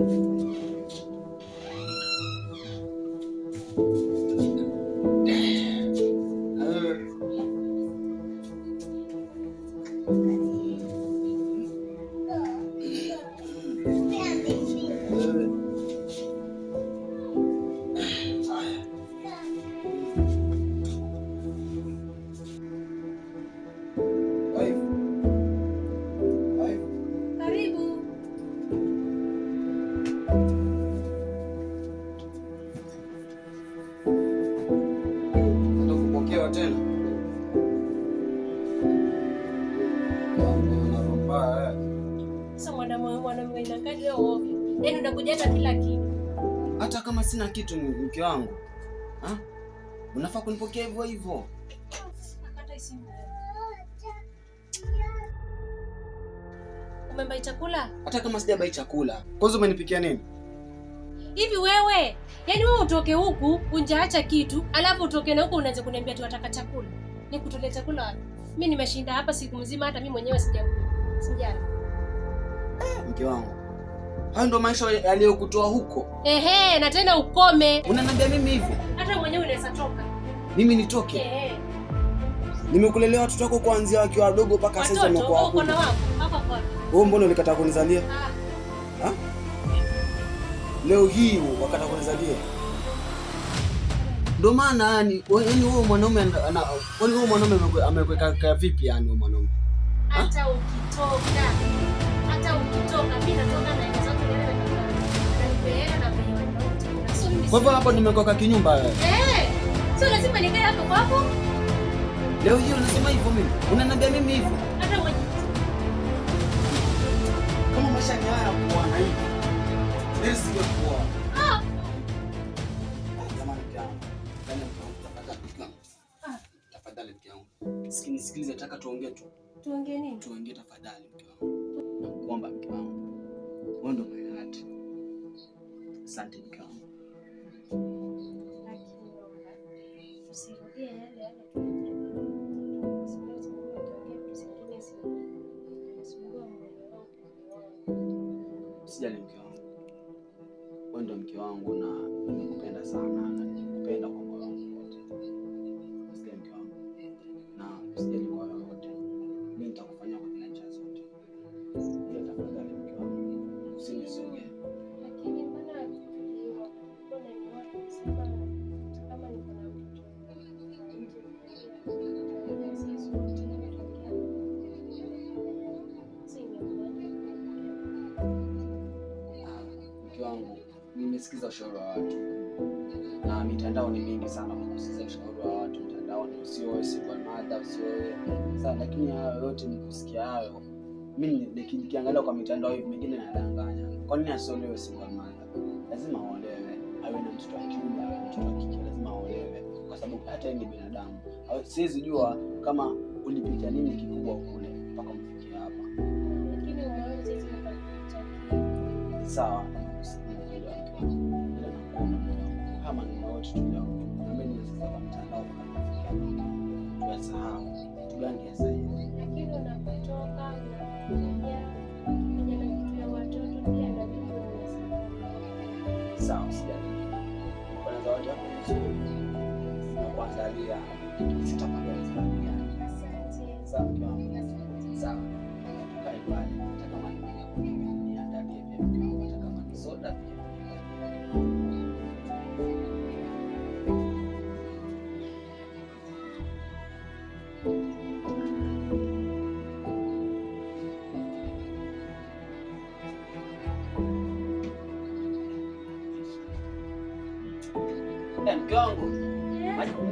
Thank you. tena eh. yaani hata kama sina kitu mke wangu. Unafaa kunipokea hivyo hivyo. Umebai chakula? Hata kama sijabai chakula. Kwanza umenipikia nini? hivi wewe, yani wewe utoke huku unjaacha kitu alafu utoke na huku unaanza kuniambia tu nataka chakula. Nikutolea chakula wapi? Mimi nimeshinda hapa siku mzima, hata mimi mwenyewe sijakula, sijala. Eh, mke wangu, hayo ndo maisha yaliyokutoa huko. Ehe, na tena ukome. Unaniambia mimi hivyo? Hata mwenyewe unaweza toka. Mimi nitoke? Ehe. Nimekulelea watoto wako kuanzia wakiwa wadogo mpaka sasa wamekuwa Watoto wako na wako? Hapa kwa. Wewe mbona ulikataa kunizalia? Ah leo hii wakata kunizalia. Ndio maana yani, yani wewe yaani mwanaume ana wewe yaani mwanaume kaya vipi yani wewe mwanaume? Hata ukitoka hata ukitoka mimi natoka na hizo kelele na kwa hivyo hapo nimekoka kinyumba wewe. Eh. Sio lazima nikae hapo kwa hapo. Leo hiyo unasema hivyo mimi. Unaniambia mimi hivyo. Hata wewe. Kama maisha haya kwa hivyo. Tafadhali mke wangu, sikinisikilize, nataka tuongee tu. Tuongee nini? Tuongee tafadhali mke wangu. Nakuomba mke wangu. Wewe ndo Asante mke wangu. Sijali mke wangu wewe ndio mke wangu na nimekupenda sana na nimekupenda kwa moyo wangu wote. Usikie mke wangu na usijali kwa lolote, mimi nitakufanya kwa kila njia zote. Tafadhali mke wangu usinizuie. nilisikiza ushauri wa watu, na mitandao ni mingi sana kusikiza ushauri wa watu mtandaoni, usioe supermadha, usioe sana, lakini hayo yote kusikia hayo mimi nikiangalia kwa mitandao hivi mingine nadanganya. Kwa nini asiolewe supermadha? Lazima aolewe, awe na mtoto wa awe na mtoto wa lazima aolewe, kwa sababu hata yeye ni binadamu. Siwezi jua kama ulipita nini kikubwa kule mpaka umefikia hapa, sawa kama ni sawa sijani kwa na kuangalia sitakwambia sawa sawa I'm going.